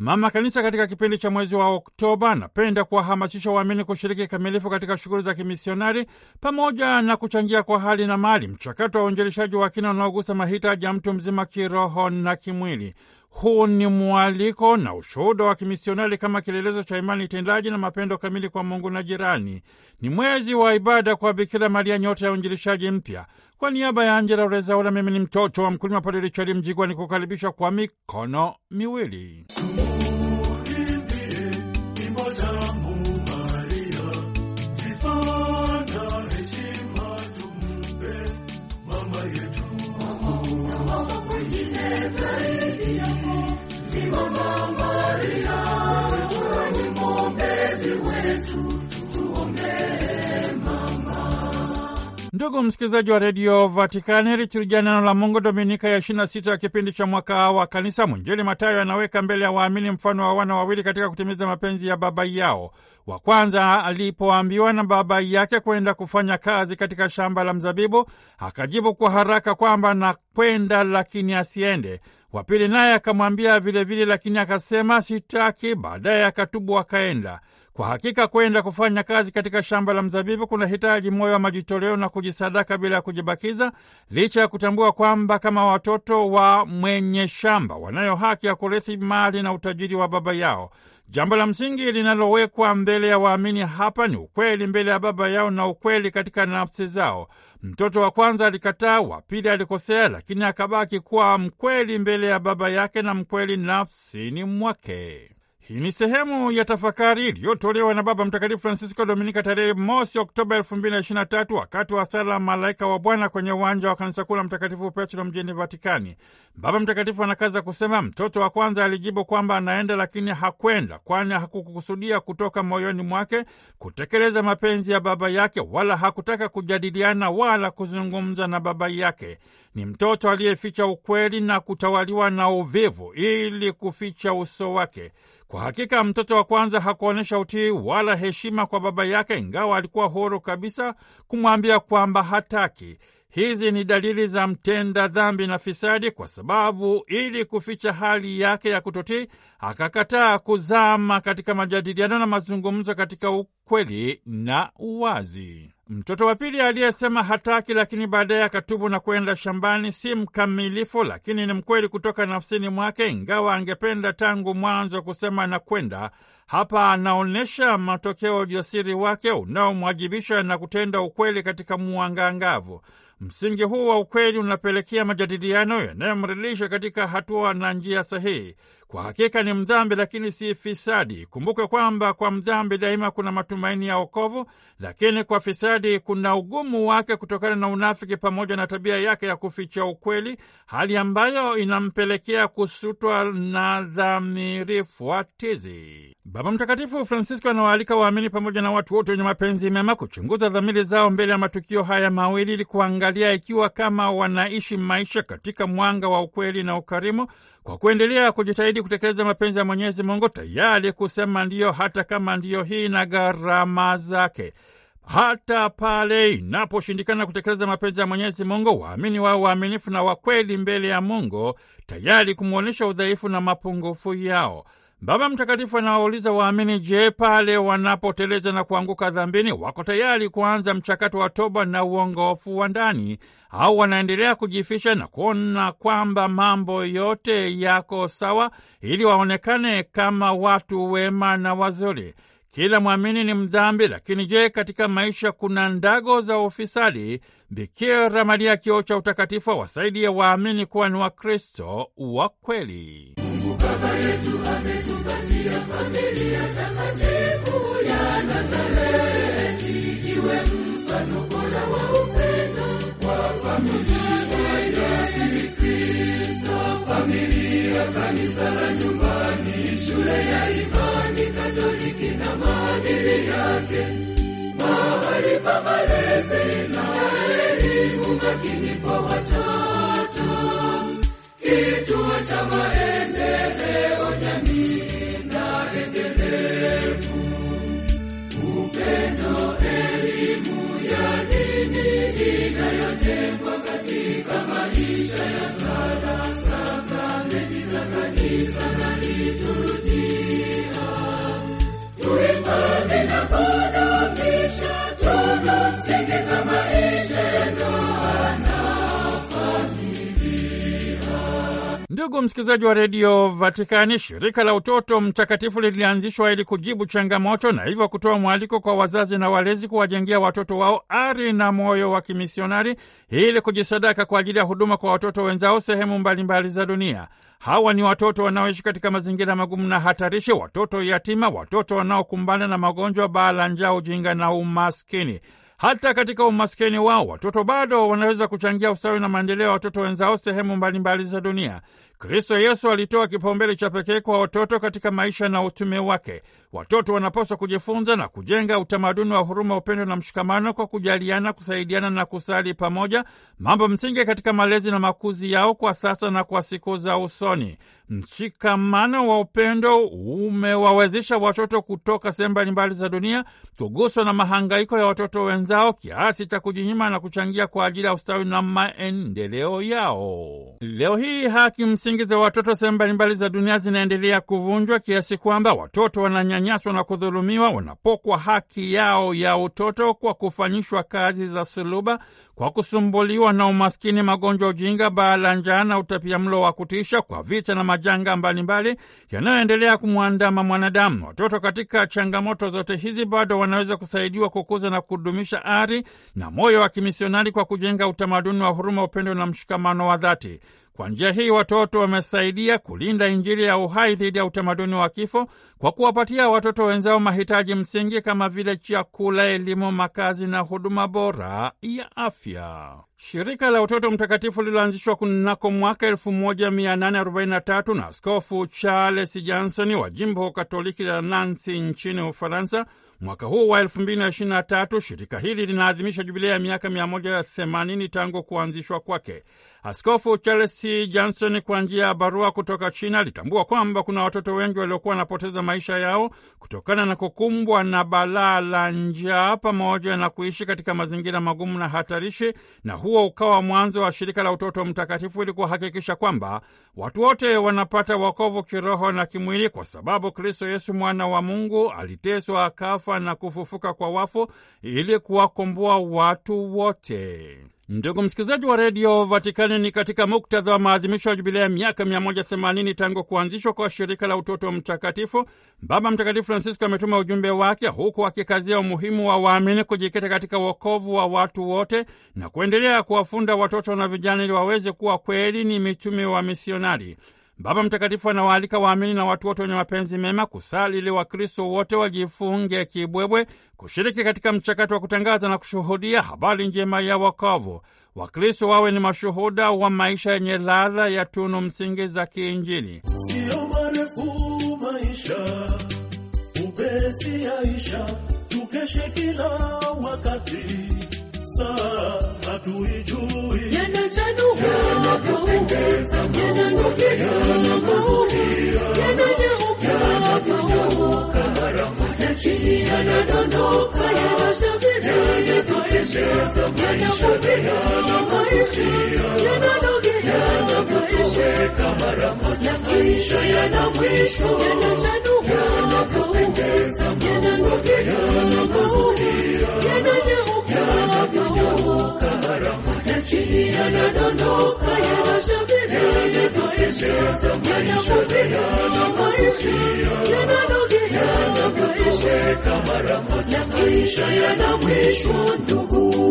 Mama Kanisa katika kipindi cha mwezi wa Oktoba anapenda kuwahamasisha waamini kushiriki kikamilifu katika shughuli za kimisionari pamoja na kuchangia kwa hali na mali mchakato wa uinjilishaji wa kina unaogusa mahitaji ya mtu mzima kiroho na kimwili. Huu ni mwaliko na ushuhuda wa kimisionari kama kielelezo cha imani tendaji na mapendo kamili kwa Mungu na jirani. Ni mwezi wa ibada kwa Bikira Maria, nyota ya uinjilishaji mpya. Kwa niaba ya Angela Urezaula, mimi ni mtoto wa mkulima Padre Richard Mjigwa, ni kukaribishwa kwa mikono miwili do Ndugu msikilizaji wa redio Vatikani, liturujia neno la Mungu Dominika ya ishirini na sita ya kipindi cha mwaka wa kanisa. Mwinjili Matayo anaweka mbele ya waamini mfano wa wana wawili katika kutimiza mapenzi ya baba yao. Wa kwanza alipoambiwa na baba yake kwenda kufanya kazi katika shamba la mzabibu, akajibu kwa haraka kwamba nakwenda, lakini asiende. Wa pili naye akamwambia vilevile, lakini akasema sitaki. Baadaye akatubu akaenda. Kwa hakika kwenda kufanya kazi katika shamba la mzabibu kuna hitaji moyo wa majitoleo na kujisadaka bila ya kujibakiza, licha ya kutambua kwamba kama watoto wa mwenye shamba wanayo haki ya kurithi mali na utajiri wa baba yao. Jambo la msingi linalowekwa mbele ya waamini hapa ni ukweli mbele ya baba yao na ukweli katika nafsi zao. Mtoto wa kwanza alikataa, wa pili alikosea, lakini akabaki kuwa mkweli mbele ya baba yake na mkweli nafsini mwake. Hii ni sehemu ya tafakari iliyotolewa na Baba Mtakatifu Francisco Dominika tarehe mosi Oktoba 223 wakati wa sala Malaika wa Bwana kwenye uwanja wa kanisa kuu la Mtakatifu Petro mjini Vatikani. Baba Mtakatifu anakaza kusema, mtoto wa kwanza alijibu kwamba anaenda lakini hakwenda, kwani hakukusudia kutoka moyoni mwake kutekeleza mapenzi ya baba yake, wala hakutaka kujadiliana wala kuzungumza na baba yake. Ni mtoto aliyeficha ukweli na kutawaliwa na uvivu ili kuficha uso wake. Kwa hakika mtoto wa kwanza hakuonyesha utii wala heshima kwa baba yake, ingawa alikuwa huru kabisa kumwambia kwamba hataki. Hizi ni dalili za mtenda dhambi na fisadi, kwa sababu ili kuficha hali yake ya kutotii akakataa kuzama katika majadiliano na mazungumzo katika ukweli na uwazi. Mtoto wa pili aliyesema hataki lakini baadaye akatubu na kwenda shambani, si mkamilifu lakini ni mkweli kutoka nafsini mwake, ingawa angependa tangu mwanzo kusema na kwenda. Hapa anaonyesha matokeo ya ujasiri wake unaomwajibisha na kutenda ukweli katika muangangavu. Msingi huu wa ukweli unapelekea majadiliano yanayomridhisha katika hatua na njia sahihi. Kwa hakika ni mdhambi, lakini si fisadi. kumbuke kwamba kwa mdhambi daima kuna matumaini ya wokovu, lakini kwa fisadi kuna ugumu wake kutokana na unafiki pamoja na tabia yake ya kuficha ukweli, hali ambayo inampelekea kusutwa na dhamiri fuatizi. Baba Mtakatifu Francisco anawaalika waamini pamoja na watu wote wenye mapenzi mema kuchunguza dhamiri zao mbele ya matukio haya mawili ili kuangalia ikiwa kama wanaishi maisha katika mwanga wa ukweli na ukarimu kwa kuendelea kujitahidi kutekeleza mapenzi ya Mwenyezi Mungu, tayari kusema ndiyo, hata kama ndiyo hii na gharama zake. Hata pale inaposhindikana kutekeleza mapenzi ya Mwenyezi Mungu, waamini wao waaminifu na wakweli mbele ya Mungu, tayari kumwonyesha udhaifu na mapungufu yao. Baba Mtakatifu anawauliza waamini, je, pale wanapoteleza na kuanguka dhambini, wako tayari kuanza mchakato wa toba na uongofu wa ndani, au wanaendelea kujifisha na kuona kwamba mambo yote yako sawa, ili waonekane kama watu wema na wazuri? Kila mwamini ni mdhambi, lakini je, katika maisha kuna ndago za ufisadi? Bikira Maria, kioo cha utakatifu, awasaidia waamini kuwa ni Wakristo wa kweli. Baba yetu ametupatia familia takatifu ya Nazareti, iwe mfano bora wa upendo wa familia ya Kristo, familia, kanisa la nyumbani, shule ya imani Katoliki na maadili yake, mahali pa malezi na elimu makini kwa watoto, kituo cha Amen. Ndugu msikilizaji wa redio Vatikani, shirika la Utoto Mtakatifu lilianzishwa ili kujibu changamoto na hivyo kutoa mwaliko kwa wazazi na walezi kuwajengea watoto wao ari na moyo wa kimisionari ili kujisadaka kwa ajili ya huduma kwa watoto wenzao sehemu mbalimbali mbali za dunia. Hawa ni watoto wanaoishi katika mazingira magumu na hatarishi, watoto yatima, watoto wanaokumbana na magonjwa, baa la njaa, ujinga na umaskini. Hata katika umaskini wao watoto bado wanaweza kuchangia ustawi na maendeleo ya watoto wenzao sehemu mbalimbali za dunia. Kristo Yesu alitoa kipaumbele cha pekee kwa watoto katika maisha na utume wake. Watoto wanapaswa kujifunza na kujenga utamaduni wa huruma, upendo na mshikamano kwa kujaliana, kusaidiana na kusali pamoja, mambo msingi katika malezi na makuzi yao kwa sasa na kwa siku za usoni. Mshikamano wa upendo umewawezesha watoto kutoka sehemu mbalimbali za dunia kuguswa na mahangaiko ya watoto wenzao kiasi cha kujinyima na kuchangia kwa ajili ya ustawi na maendeleo yao. Leo hii haki msingi msingi za watoto sehemu mbalimbali za dunia zinaendelea kuvunjwa kiasi kwamba watoto wananyanyaswa na kudhulumiwa wanapokwa haki yao ya utoto kwa kufanyishwa kazi za suluba, kwa kusumbuliwa na umaskini, magonjwa, ujinga, baa la njaa na utapiamlo wa kutisha, kwa vita na majanga mbalimbali yanayoendelea kumwandama mwanadamu. Watoto katika changamoto zote hizi bado wanaweza kusaidiwa kukuza na kudumisha ari na moyo wa kimisionari kwa kujenga utamaduni wa huruma, upendo na mshikamano wa dhati. Kwa njia hii watoto wamesaidia kulinda Injili ya uhai dhidi ya utamaduni wa kifo kwa kuwapatia watoto wenzao mahitaji msingi kama vile chakula, elimu, makazi na huduma bora ya afya. Shirika la Utoto Mtakatifu lililoanzishwa kunako mwaka 1843 na Askofu Charles Johnson wa jimbo Katoliki la Nancy nchini Ufaransa. Mwaka huu wa 2023 shirika hili linaadhimisha jubilia ya miaka 180 tangu kuanzishwa kwake. Askofu Charles Johnson kwa njia ya barua kutoka China alitambua kwamba kuna watoto wengi waliokuwa wanapoteza maisha yao kutokana na kukumbwa na balaa la njaa pamoja na kuishi katika mazingira magumu na hatarishi, na huo ukawa mwanzo wa shirika la Utoto Mtakatifu ili kuhakikisha kwamba watu wote wanapata wokovu kiroho na kimwili, kwa sababu Kristo Yesu mwana wa Mungu aliteswa, akafa na kufufuka kwa wafu ili kuwakomboa watu wote. Ndugu msikilizaji wa redio Vatikani, ni katika muktadha wa maadhimisho ya jubilea ya miaka 180 tangu kuanzishwa kwa shirika la utoto mtakatifu, Baba Mtakatifu Francisco ametuma ujumbe wake huku akikazia umuhimu wa waamini kujikita katika wokovu wa watu wote na kuendelea kuwafunda watoto na vijana ili waweze kuwa kweli ni mitume wa misionari. Baba Mtakatifu anawaalika waamini na watu wote wenye mapenzi mema kusali ili Wakristo wote wajifunge kibwebwe kushiriki katika mchakato wa kutangaza na kushuhudia habari njema ya wokovu. Wakristo wawe ni mashuhuda wa maisha yenye ladha ya tunu msingi za kiinjili. Sio marefu maisha, upesi yaisha, tukeshe kila yanadondoka yanashambulia yanapotea maisha yanadogea yanatoweka mara moja maisha yana mwisho yanachanua yanapoongeza yanadogea yanakaulia yananyauka yanadondoka mara moja chini yanadondoka yana yanakutuweka mara maisha yana mwisho ndugu.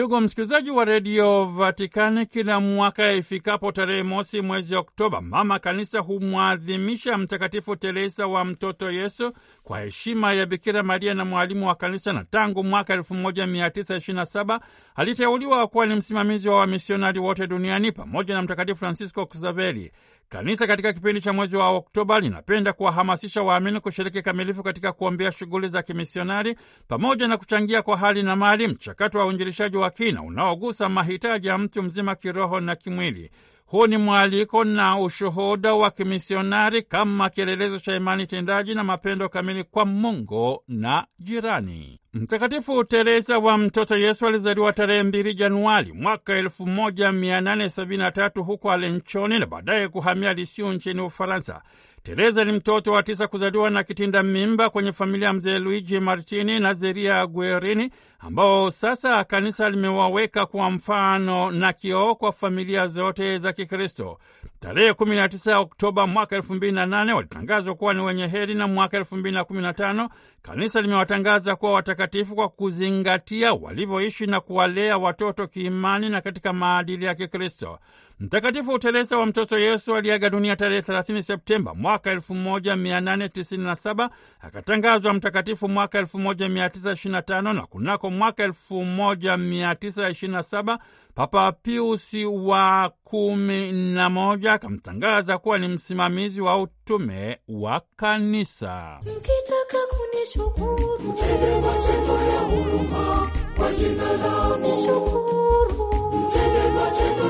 Ndugu msikilizaji wa redio Vatikani, kila mwaka ifikapo tarehe mosi mwezi Oktoba, mama kanisa humwadhimisha Mtakatifu Teresa wa mtoto Yesu kwa heshima ya Bikira Maria na mwalimu wa kanisa, na tangu mwaka 1927 aliteuliwa kuwa ni msimamizi wa wamisionari wote duniani pamoja na Mtakatifu Francisco Ksaveri. Kanisa katika kipindi cha mwezi wa Oktoba linapenda kuwahamasisha waamini kushiriki kamilifu katika kuombea shughuli za kimisionari pamoja na kuchangia kwa hali na mali mchakato wa uinjilishaji wa kina unaogusa mahitaji ya mtu mzima kiroho na kimwili. Huu ni mwaliko na ushuhuda wa kimisionari kama kielelezo cha imani tendaji na mapendo kamili kwa Mungu na jirani. Mtakatifu Teresa wa mtoto Yesu alizaliwa tarehe 2 Januari mwaka 1873 huko Alenchoni na baadaye kuhamia Lisiu nchini Ufaransa. Tereza ni mtoto wa tisa kuzaliwa na kitinda mimba kwenye familia ya mzee Luigi Martini na Zeria Guerini, ambao sasa kanisa limewaweka kwa mfano na kioo kwa familia zote za Kikristo. Tarehe 19 Oktoba mwaka 2008 walitangazwa kuwa ni wenye heri, na mwaka 2015 kanisa limewatangaza kuwa watakatifu kwa kuzingatia walivyoishi na kuwalea watoto kiimani na katika maadili ya Kikristo. Mtakatifu Teresa wa mtoto Yesu aliaga dunia tarehe 30 Septemba mwaka 1897, akatangazwa mtakatifu mwaka 1925 na kunako mwaka 1927 Papa Piusi wa kumi na moja akamtangaza kuwa ni msimamizi wa utume wa Kanisa. Mkitaka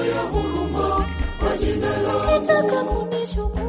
ya huruma 刻苦，你学。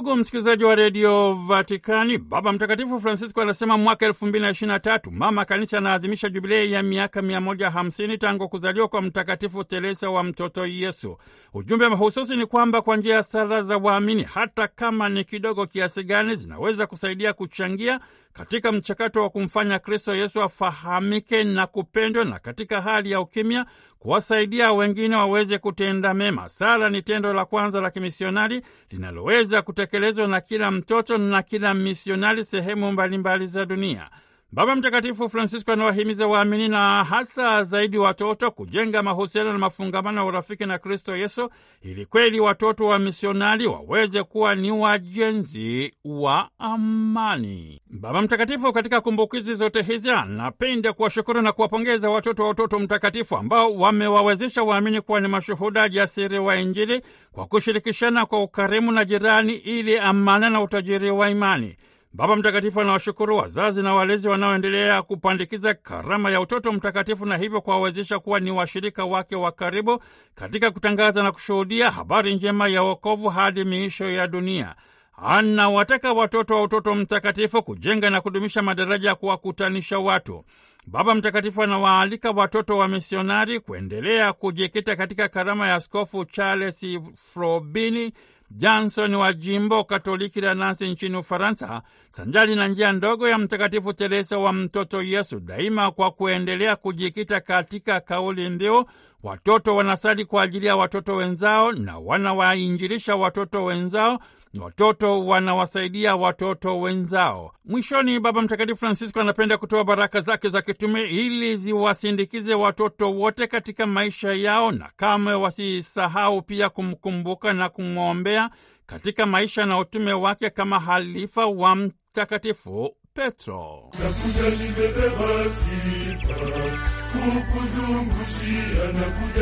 Ndugu msikilizaji wa redio Vatikani, Baba Mtakatifu Francisco anasema mwaka elfu mbili na ishirini na tatu mama kanisa anaadhimisha jubilei ya miaka mia moja hamsini tangu kuzaliwa kwa Mtakatifu Teresa wa mtoto Yesu. Ujumbe mahususi ni kwamba kwa njia ya sala za waamini, hata kama ni kidogo kiasi gani, zinaweza kusaidia kuchangia katika mchakato wa kumfanya Kristo Yesu afahamike na kupendwa, na katika hali ya ukimya kuwasaidia wengine waweze kutenda mema. Sala ni tendo la kwanza la kimisionari linaloweza kutekelezwa na kila mtoto na kila misionari sehemu mbalimbali za dunia. Baba Mtakatifu Francisco anawahimiza waamini na hasa zaidi watoto kujenga mahusiano na mafungamano ya urafiki na Kristo Yesu ili kweli watoto wa misionari waweze kuwa ni wajenzi wa amani. Baba Mtakatifu katika kumbukizi zote hizi anapenda kuwashukuru na kuwapongeza watoto wa Utoto Mtakatifu ambao wamewawezesha waamini kuwa ni mashuhuda jasiri wa Injili kwa kushirikishana kwa ukarimu na jirani ili amana na utajiri wa imani Baba Mtakatifu anawashukuru wazazi na walezi wanaoendelea kupandikiza karama ya utoto mtakatifu na hivyo kuwawezesha kuwa ni washirika wake wa karibu katika kutangaza na kushuhudia habari njema ya wokovu hadi miisho ya dunia. Anawataka watoto wa utoto mtakatifu kujenga na kudumisha madaraja ya kuwakutanisha watu. Baba Mtakatifu anawaalika watoto wa misionari kuendelea kujikita katika karama ya Askofu Charles Frobini Johnson wa jimbo Katoliki la Nansi nchini Ufaransa, sanjali na njia ndogo ya Mtakatifu Teresa wa Mtoto Yesu, daima kwa kuendelea kujikita katika kauli mbiu watoto wanasali kwa ajili ya watoto wenzao na wanawainjirisha watoto wenzao ni watoto wanawasaidia watoto wenzao. Mwishoni, Baba Mtakatifu Francisco anapenda kutoa baraka zake za kitume ili ziwasindikize watoto wote katika maisha yao, na kamwe wasisahau pia kumkumbuka na kumwombea katika maisha na utume wake kama halifa wa Mtakatifu Petro. Nakuja nimebeba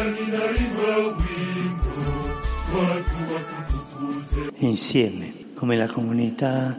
ninaimba wimbo watu wakutu insieme come la comunità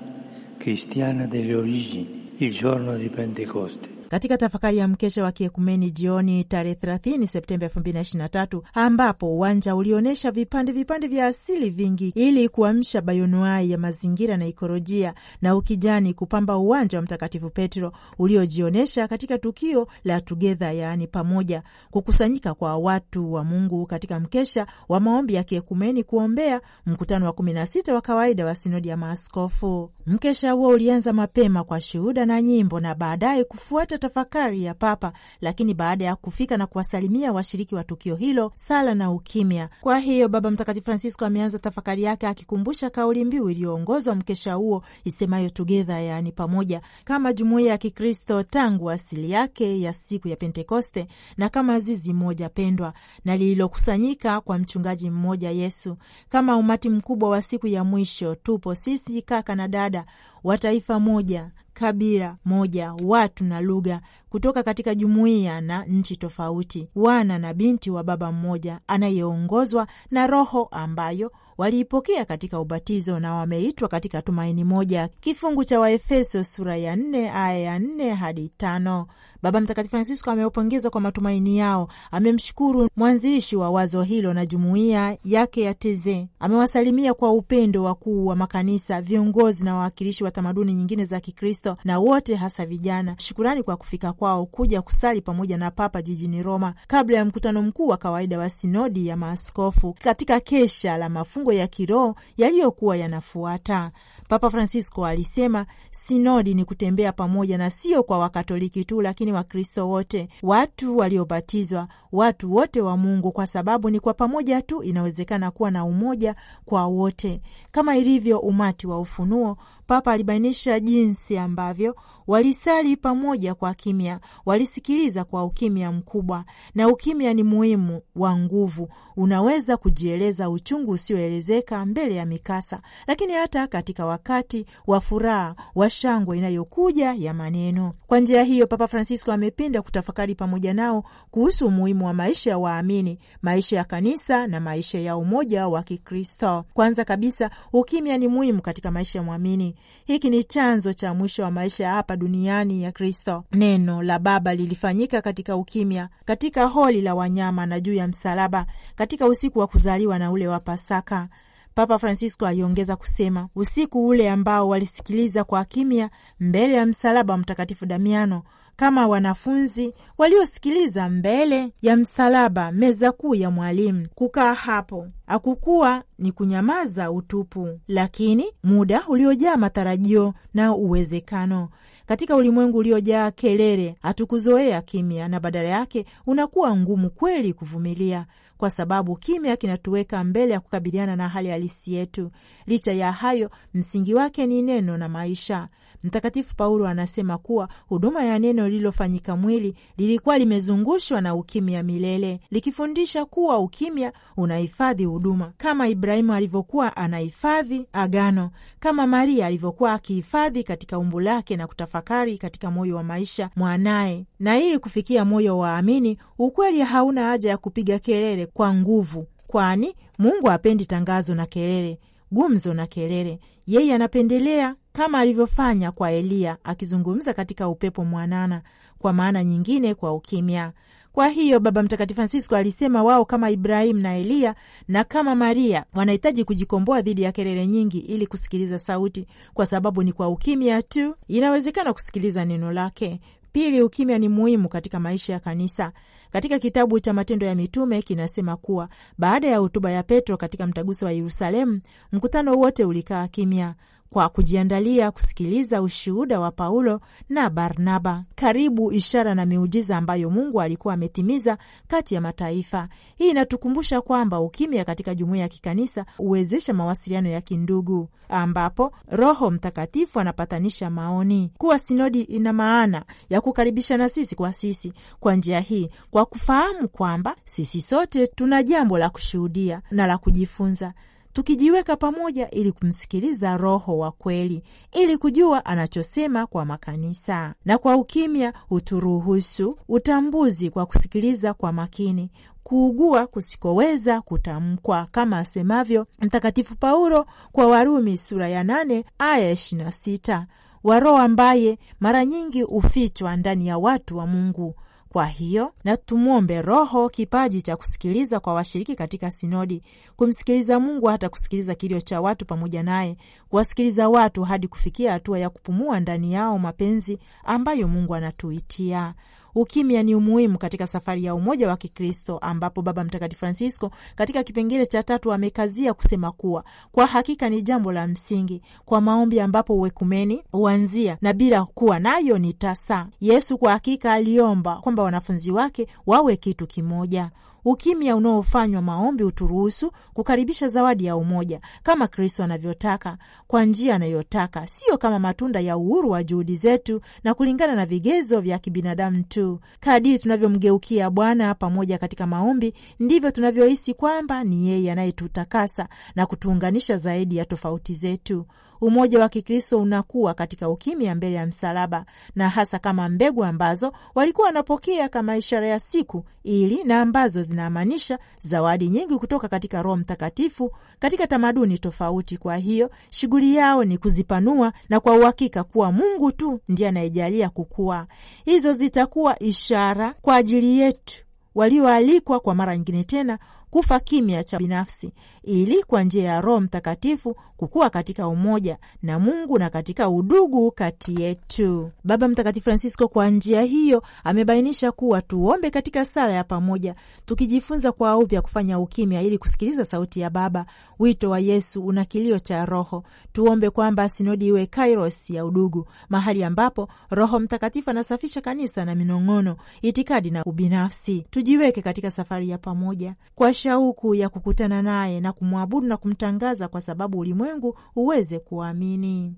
cristiana delle origini il giorno di Pentecoste. katika tafakari ya mkesha wa kiekumeni jioni tarehe 30 Septemba 2023 ambapo uwanja ulionyesha vipande vipande vya asili vingi ili kuamsha bayonuai ya mazingira na ikolojia na ukijani kupamba uwanja wa Mtakatifu Petro uliojionyesha katika tukio la tugedha, yaani pamoja, kukusanyika kwa watu wa Mungu katika mkesha wa maombi ya kiekumeni kuombea mkutano wa 16 wa kawaida wa sinodi ya maaskofu. Mkesha huo ulianza mapema kwa shuhuda na nyimbo na baadaye kufuata tafakari ya Papa, lakini baada ya kufika na kuwasalimia washiriki wa tukio hilo, sala na ukimya. Kwa hiyo Baba Mtakatifu Francisco ameanza tafakari yake akikumbusha kauli mbiu iliyoongozwa mkesha huo isemayo together, yaani pamoja, kama jumuiya ya Kikristo tangu asili yake ya siku ya Pentekoste na kama zizi moja pendwa na lililokusanyika kwa mchungaji mmoja Yesu. Kama umati mkubwa wa siku ya mwisho, tupo sisi kaka na dada wa taifa moja kabila moja, watu na lugha kutoka katika jumuiya na nchi tofauti, wana na binti wa baba mmoja anayeongozwa na Roho ambayo waliipokea katika ubatizo na wameitwa katika tumaini moja. Kifungu cha Waefeso sura ya nne aya ya nne hadi tano. Baba Mtakatifu Francisco amewapongeza kwa matumaini yao. Amemshukuru mwanzilishi wa wazo hilo na jumuiya yake ya Teze. Amewasalimia kwa upendo wakuu wa makanisa, viongozi na wawakilishi wa tamaduni nyingine za Kikristo na wote, hasa vijana. Shukurani kwa kufika kwao kuja kusali pamoja na Papa jijini Roma kabla ya mkutano mkuu wa kawaida wa sinodi ya maaskofu katika kesha la mafungo ya kiroho yaliyokuwa yanafuata. Papa Francisco alisema sinodi ni kutembea pamoja, na sio kwa Wakatoliki tu, lakini Wakristo wote, watu waliobatizwa, watu wote wa Mungu, kwa sababu ni kwa pamoja tu inawezekana kuwa na umoja kwa wote, kama ilivyo umati wa ufunuo Papa alibainisha jinsi ambavyo walisali pamoja kwa kimya, walisikiliza kwa ukimya mkubwa, na ukimya ni muhimu wa nguvu. Unaweza kujieleza uchungu usioelezeka mbele ya mikasa, lakini hata katika wakati wa furaha wa shangwe inayokuja ya maneno. Kwa njia hiyo, Papa Francisco amependa kutafakari pamoja nao kuhusu umuhimu wa maisha ya waamini, maisha ya kanisa na maisha ya umoja wa Kikristo. Kwanza kabisa, ukimya ni muhimu katika maisha ya mwamini. Hiki ni chanzo cha mwisho wa maisha hapa duniani ya Kristo. Neno la Baba lilifanyika katika ukimya, katika holi la wanyama na juu ya msalaba, katika usiku wa kuzaliwa na ule wa Pasaka. Papa Francisco aliongeza kusema, usiku ule ambao walisikiliza kwa kimya mbele ya msalaba wa Mtakatifu Damiano kama wanafunzi waliosikiliza mbele ya msalaba meza kuu ya mwalimu. Kukaa hapo akukuwa ni kunyamaza utupu, lakini muda uliojaa matarajio na uwezekano. Katika ulimwengu uliojaa kelele, hatukuzoea kimya, na badala yake unakuwa ngumu kweli kuvumilia, kwa sababu kimya kinatuweka mbele ya kukabiliana na hali halisi yetu. Licha ya hayo, msingi wake ni neno na maisha. Mtakatifu Paulo anasema kuwa huduma ya neno lililofanyika mwili lilikuwa limezungushwa na ukimya milele, likifundisha kuwa ukimya unahifadhi huduma, kama Ibrahimu alivyokuwa anahifadhi agano, kama Maria alivyokuwa akihifadhi katika umbu lake na kutafakari katika moyo wa maisha mwanaye. Na ili kufikia moyo wa amini, ukweli hauna haja ya kupiga kelele kwa nguvu, kwani Mungu hapendi tangazo na kelele gumzo na kelele. Yeye anapendelea kama alivyofanya kwa Eliya, akizungumza katika upepo mwanana, kwa maana nyingine, kwa ukimya. Kwa hiyo Baba Mtakatifu Francisco alisema wao kama Ibrahimu na Eliya na kama Maria wanahitaji kujikomboa dhidi ya kelele nyingi ili kusikiliza sauti, kwa sababu ni kwa ukimya tu inawezekana kusikiliza neno lake. Pili, ukimya ni muhimu katika maisha ya kanisa katika kitabu cha Matendo ya Mitume kinasema kuwa baada ya hotuba ya Petro katika mtaguso wa Yerusalemu, mkutano wote ulikaa kimya, kwa kujiandalia kusikiliza ushuhuda wa Paulo na Barnaba, karibu ishara na miujiza ambayo Mungu alikuwa ametimiza kati ya mataifa. Hii inatukumbusha kwamba ukimya katika jumuiya ya kikanisa huwezesha mawasiliano ya kindugu, ambapo Roho Mtakatifu anapatanisha maoni. Kuwa sinodi ina maana ya kukaribishana sisi kwa sisi kwa njia hii, kwa kufahamu kwamba sisi sote tuna jambo la kushuhudia na la kujifunza tukijiweka pamoja ili kumsikiliza Roho wa kweli, ili kujua anachosema kwa makanisa. Na kwa ukimya huturuhusu utambuzi kwa kusikiliza kwa makini kuugua kusikoweza kutamkwa kama asemavyo Mtakatifu Paulo kwa Warumi sura ya nane aya ishirini na sita wa Roho ambaye mara nyingi hufichwa ndani ya watu wa Mungu kwa hiyo na tumwombe Roho kipaji cha kusikiliza kwa washiriki katika sinodi, kumsikiliza Mungu hata kusikiliza kilio cha watu pamoja naye, kuwasikiliza watu hadi kufikia hatua ya kupumua ndani yao mapenzi ambayo Mungu anatuitia. Ukimya ni umuhimu katika safari ya umoja wa Kikristo, ambapo Baba Mtakatifu Francisco katika kipengele cha tatu amekazia kusema kuwa kwa hakika ni jambo la msingi kwa maombi, ambapo uekumeni huanzia na bila kuwa nayo ni tasa. Yesu kwa hakika aliomba kwamba wanafunzi wake wawe kitu kimoja. Ukimya unaofanywa maombi uturuhusu kukaribisha zawadi ya umoja kama Kristo anavyotaka kwa njia anayotaka, sio kama matunda ya uhuru wa juhudi zetu na kulingana na vigezo vya kibinadamu tu. Kadiri tunavyomgeukia Bwana pamoja katika maombi, ndivyo tunavyohisi kwamba ni yeye anayetutakasa na kutuunganisha zaidi ya tofauti zetu. Umoja wa Kikristo unakuwa katika ukimya mbele ya msalaba, na hasa kama mbegu ambazo walikuwa wanapokea kama ishara ya siku ili na ambazo zinaamanisha zawadi nyingi kutoka katika Roho Mtakatifu katika tamaduni tofauti. Kwa hiyo shughuli yao ni kuzipanua na kwa uhakika kuwa Mungu tu ndiye anayejalia kukua. Hizo zitakuwa ishara kwa ajili yetu walioalikwa kwa mara nyingine tena kufa kimya cha binafsi, ili kwa njia ya Roho Mtakatifu kukua katika umoja na Mungu na katika udugu kati yetu. Baba Mtakatifu Francisco kwa njia hiyo amebainisha kuwa tuombe katika sala ya pamoja, tukijifunza kwa upya kufanya ukimya ili kusikiliza sauti ya Baba. Wito wa Yesu una kilio cha Roho. Tuombe kwamba sinodi iwe kairos ya udugu, mahali ambapo Roho Mtakatifu anasafisha kanisa na minong'ono, itikadi na ubinafsi. Tujiweke katika safari ya pamoja kwa shauku ya kukutana naye na kumwabudu na kumtangaza, kwa sababu ulimwengu uweze kuamini.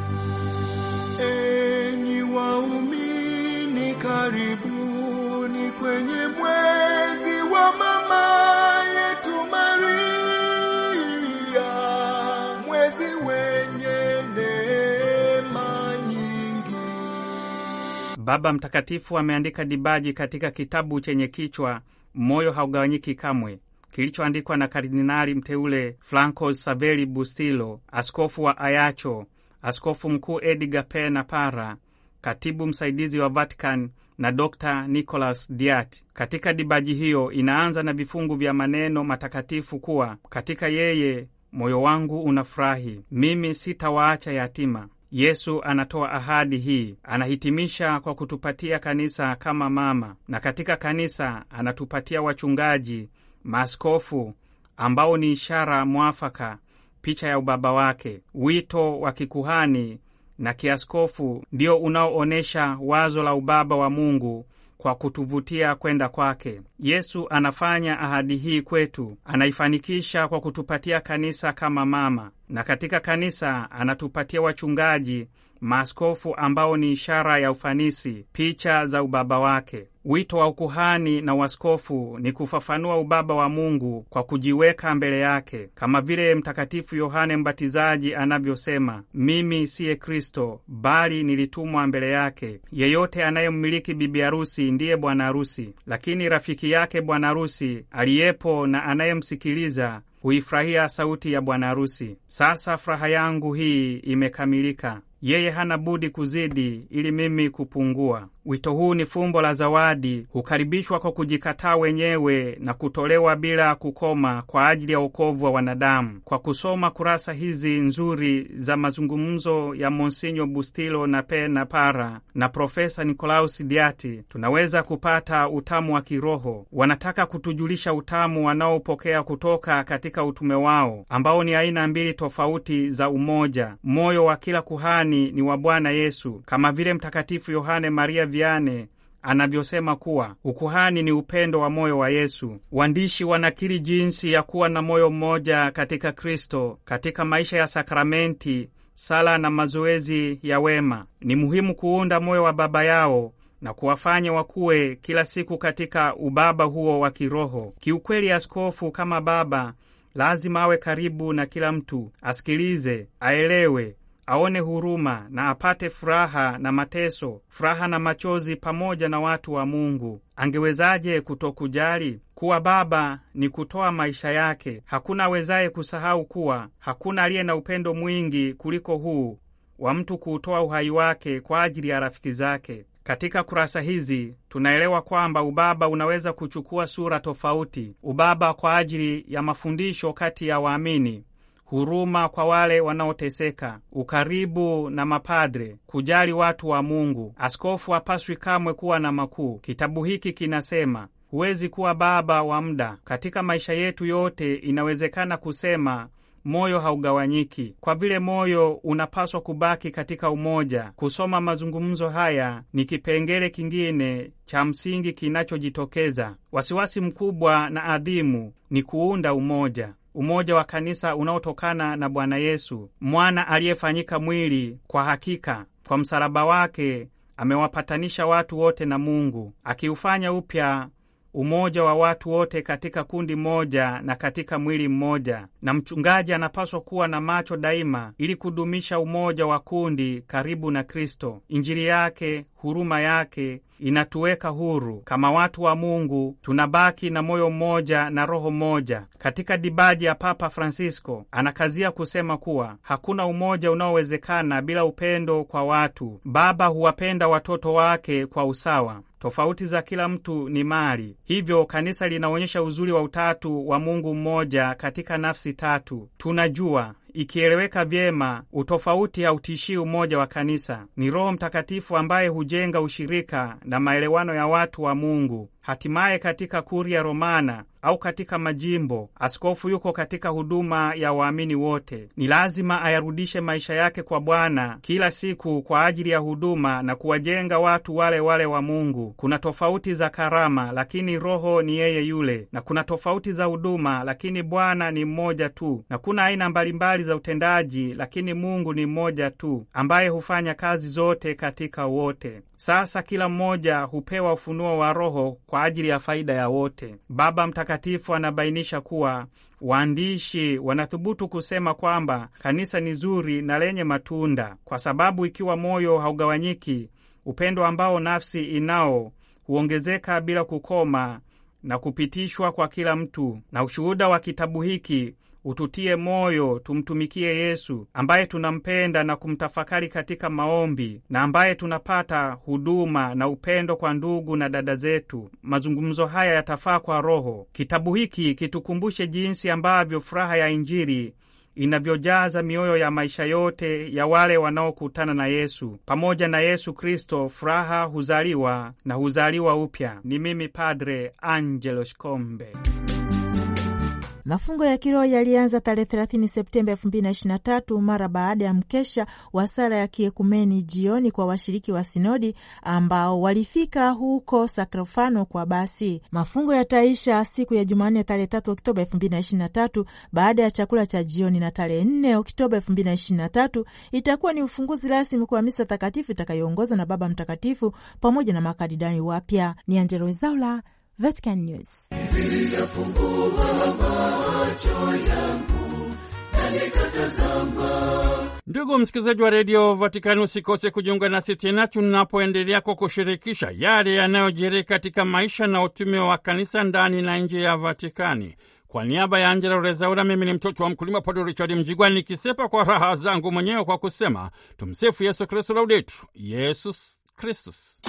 Enyi waumini, karibuni kwenye mwezi wa mama yetu Maria, mwezi wenye neema nyingi. Baba Mtakatifu ameandika dibaji katika kitabu chenye kichwa moyo haugawanyiki kamwe kilichoandikwa na kardinali mteule Franco saveli bustilo askofu wa Ayacho, askofu mkuu Edgar na Para, katibu msaidizi wa Vatican na Dr Nicolas Diat. Katika dibaji hiyo inaanza na vifungu vya maneno matakatifu kuwa katika yeye moyo wangu unafurahi, mimi sitawaacha yatima. Yesu anatoa ahadi hii, anahitimisha kwa kutupatia kanisa kama mama, na katika kanisa anatupatia wachungaji maaskofu ambao ni ishara mwafaka, picha ya ubaba wake. Wito wa kikuhani na kiaskofu ndio unaoonyesha wazo la ubaba wa Mungu kwa kutuvutia kwenda kwake. Yesu anafanya ahadi hii kwetu, anaifanikisha kwa kutupatia kanisa kama mama, na katika kanisa anatupatia wachungaji, maaskofu ambao ni ishara ya ufanisi, picha za ubaba wake. Wito wa ukuhani na waskofu ni kufafanua ubaba wa Mungu kwa kujiweka mbele yake, kama vile Mtakatifu Yohane Mbatizaji anavyosema, mimi siye Kristo, bali nilitumwa mbele yake. Yeyote anayemmiliki bibi harusi ndiye bwana harusi, lakini rafiki yake bwana harusi aliyepo na anayemsikiliza huifurahia sauti ya bwana harusi. Sasa furaha yangu hii imekamilika yeye hana budi kuzidi ili mimi kupungua. Wito huu ni fumbo la zawadi, hukaribishwa kwa kujikataa wenyewe na kutolewa bila kukoma kwa ajili ya wokovu wa wanadamu. Kwa kusoma kurasa hizi nzuri za mazungumzo ya Monsinyo Bustilo na na Para na Profesa Nikolaus Diati, tunaweza kupata utamu wa kiroho. Wanataka kutujulisha utamu wanaopokea kutoka katika utume wao, ambao ni aina mbili tofauti za umoja, moyo wa kila kuhani imani ni wa Bwana Yesu, kama vile Mtakatifu Yohane Maria Viane anavyosema kuwa ukuhani ni upendo wa moyo wa Yesu. Waandishi wanakiri jinsi ya kuwa na moyo mmoja katika Kristo katika maisha ya sakramenti, sala na mazoezi ya wema. Ni muhimu kuunda moyo wa baba yao na kuwafanya wakuwe kila siku katika ubaba huo wa kiroho. Kiukweli, askofu kama baba lazima awe karibu na kila mtu, asikilize, aelewe aone huruma na apate furaha na mateso, furaha na machozi pamoja na watu wa Mungu. Angewezaje kutokujali? Kuwa baba ni kutoa maisha yake. Hakuna awezaye kusahau kuwa hakuna aliye na upendo mwingi kuliko huu wa mtu kuutoa uhai wake kwa ajili ya rafiki zake. Katika kurasa hizi tunaelewa kwamba ubaba unaweza kuchukua sura tofauti: ubaba kwa ajili ya mafundisho kati ya waamini, huruma kwa wale wanaoteseka, ukaribu na mapadre, kujali watu wa Mungu. Askofu hapaswi kamwe kuwa na makuu. Kitabu hiki kinasema huwezi kuwa baba wa muda. Katika maisha yetu yote inawezekana kusema moyo haugawanyiki, kwa vile moyo unapaswa kubaki katika umoja. Kusoma mazungumzo haya ni kipengele kingine cha msingi kinachojitokeza. Wasiwasi mkubwa na adhimu ni kuunda umoja umoja wa kanisa unaotokana na Bwana Yesu, mwana aliyefanyika mwili. Kwa hakika kwa msalaba wake amewapatanisha watu wote na Mungu, akiufanya upya umoja wa watu wote katika kundi moja na katika mwili mmoja, na mchungaji anapaswa kuwa na macho daima ili kudumisha umoja wa kundi karibu na Kristo. Injili yake, huruma yake inatuweka huru kama watu wa Mungu. Tunabaki na moyo mmoja na roho mmoja Katika dibaji ya Papa Francisco anakazia kusema kuwa hakuna umoja unaowezekana bila upendo kwa watu. Baba huwapenda watoto wake kwa usawa. Tofauti za kila mtu ni mali. Hivyo kanisa linaonyesha uzuri wa utatu wa Mungu mmoja katika nafsi tatu. Tunajua ikieleweka vyema, utofauti hautishii umoja wa kanisa. Ni Roho Mtakatifu ambaye hujenga ushirika na maelewano ya watu wa Mungu. Hatimaye, katika Kuria Romana au katika majimbo, askofu yuko katika huduma ya waamini wote. Ni lazima ayarudishe maisha yake kwa Bwana kila siku kwa ajili ya huduma na kuwajenga watu wale wale wa Mungu. Kuna tofauti za karama, lakini Roho ni yeye yule, na kuna tofauti za huduma, lakini Bwana ni mmoja tu, na kuna aina mbalimbali mbalimbali za utendaji, lakini Mungu ni mmoja tu ambaye hufanya kazi zote katika wote. Sasa kila mmoja hupewa ufunuo wa Roho kwa ajili ya faida ya wote. Baba Mtakatifu anabainisha kuwa waandishi wanathubutu kusema kwamba kanisa ni zuri na lenye matunda, kwa sababu ikiwa moyo haugawanyiki, upendo ambao nafsi inao huongezeka bila kukoma na kupitishwa kwa kila mtu, na ushuhuda wa kitabu hiki ututie moyo tumtumikie Yesu ambaye tunampenda na kumtafakari katika maombi na ambaye tunapata huduma na upendo kwa ndugu na dada zetu. Mazungumzo haya yatafaa kwa roho. Kitabu hiki kitukumbushe jinsi ambavyo furaha ya Injili inavyojaza mioyo ya maisha yote ya wale wanaokutana na Yesu. Pamoja na Yesu Kristo, furaha huzaliwa na huzaliwa upya. Ni mimi Padre Angelo Shikombe. Mafungo ya kiroho yalianza tarehe 30 Septemba 2023 mara baada ya mkesha wa sala ya kiekumeni jioni kwa washiriki wa sinodi ambao walifika huko Sakrofano kwa basi. Mafungo yataisha siku ya Jumanne tarehe 3 Oktoba 2023 baada ya chakula cha jioni, na tarehe 4 Oktoba 2023 itakuwa ni ufunguzi rasmi kwa misa takatifu itakayoongozwa na Baba Mtakatifu pamoja na makadidani wapya. Ni Angella Zaula, Vatican News. Ndugu msikilizaji wa redio Vatikani, usikose kujiunga nasi tena tunapoendelea kwa kushirikisha yale yanayojiri katika maisha na utume wa kanisa ndani na nje ya Vatikani. Kwa niaba ya Angela Rezaura, mimi ni mtoto wa mkulima Padre Richard Mjigwa, nikisepa kwa raha zangu mwenyewe kwa kusema tumsifu Yesu Kristu, laudetu Yesus Kristus.